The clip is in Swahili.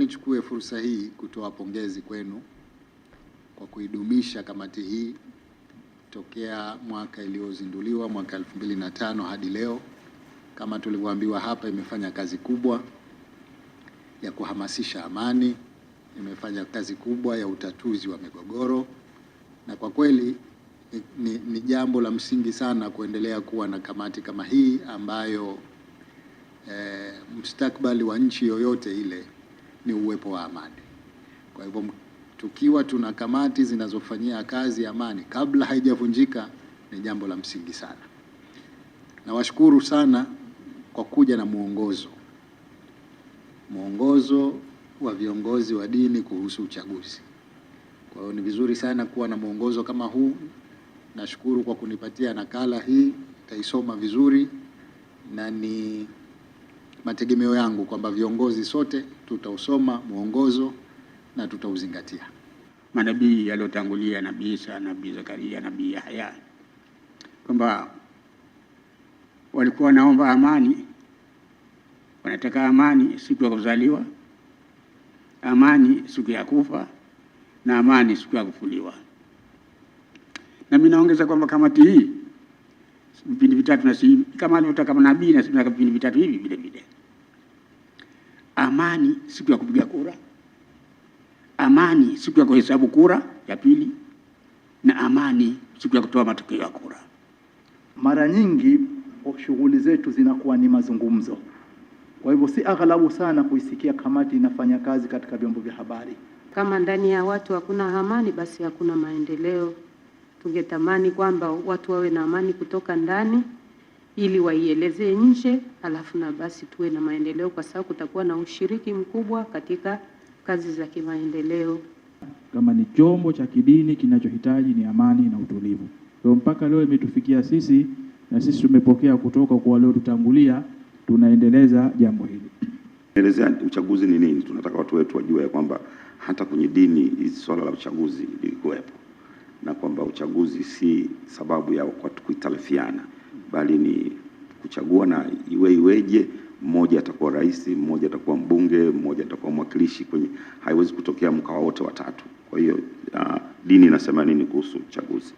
Nichukue fursa hii kutoa pongezi kwenu kwa kuidumisha kamati hii tokea mwaka iliyozinduliwa mwaka elfu mbili na tano hadi leo. Kama tulivyoambiwa hapa, imefanya kazi kubwa ya kuhamasisha amani, imefanya kazi kubwa ya utatuzi wa migogoro, na kwa kweli ni, ni jambo la msingi sana kuendelea kuwa na kamati kama hii ambayo eh, mustakabali wa nchi yoyote ile ni uwepo wa amani. Kwa hivyo tukiwa tuna kamati zinazofanyia kazi amani kabla haijavunjika ni jambo la msingi sana. Nawashukuru sana kwa kuja na mwongozo, mwongozo wa viongozi wa dini kuhusu uchaguzi. Kwa hiyo ni vizuri sana kuwa na mwongozo kama huu. Nashukuru kwa kunipatia nakala hii, nitaisoma vizuri na ni mategemeo yangu kwamba viongozi sote tutausoma mwongozo na tutauzingatia. Manabii yaliyotangulia, Nabii Isa, Nabii Zakaria, Nabii Yahya, kwamba walikuwa wanaomba amani, wanataka amani siku ya kuzaliwa, amani siku ya kufa na amani siku ya kufuliwa. Na mimi naongeza kwamba kamati hii vipindi vitatu na si kama alivyotaka manabii na vipindi vitatu hivi vile vile amani siku ya kupiga kura, amani siku ya kuhesabu kura ya pili, na amani siku ya kutoa matokeo ya kura. Mara nyingi shughuli zetu zinakuwa ni mazungumzo, kwa hivyo si aghalabu sana kuisikia kamati inafanya kazi katika vyombo vya habari. Kama ndani ya watu hakuna amani, basi hakuna maendeleo. Tungetamani kwamba watu wawe na amani kutoka ndani ili waielezee nje, alafu na basi tuwe na maendeleo, kwa sababu kutakuwa na ushiriki mkubwa katika kazi za kimaendeleo. Kama ni chombo cha kidini kinachohitaji ni amani na utulivu, kwa mpaka leo imetufikia sisi na sisi tumepokea kutoka kwa waliotutangulia, tunaendeleza jambo hili. Elezea uchaguzi ni nini. Tunataka watu wetu wajue ya kwamba hata kwenye dini hizi swala la uchaguzi lilikuwepo na kwamba uchaguzi si sababu ya kuitarifiana bali ni kuchagua, na iwe iweje, mmoja atakuwa rais, mmoja atakuwa mbunge, mmoja atakuwa mwakilishi kwenye, haiwezi kutokea mkawa wote watatu. Kwa hiyo uh, dini inasema nini kuhusu uchaguzi?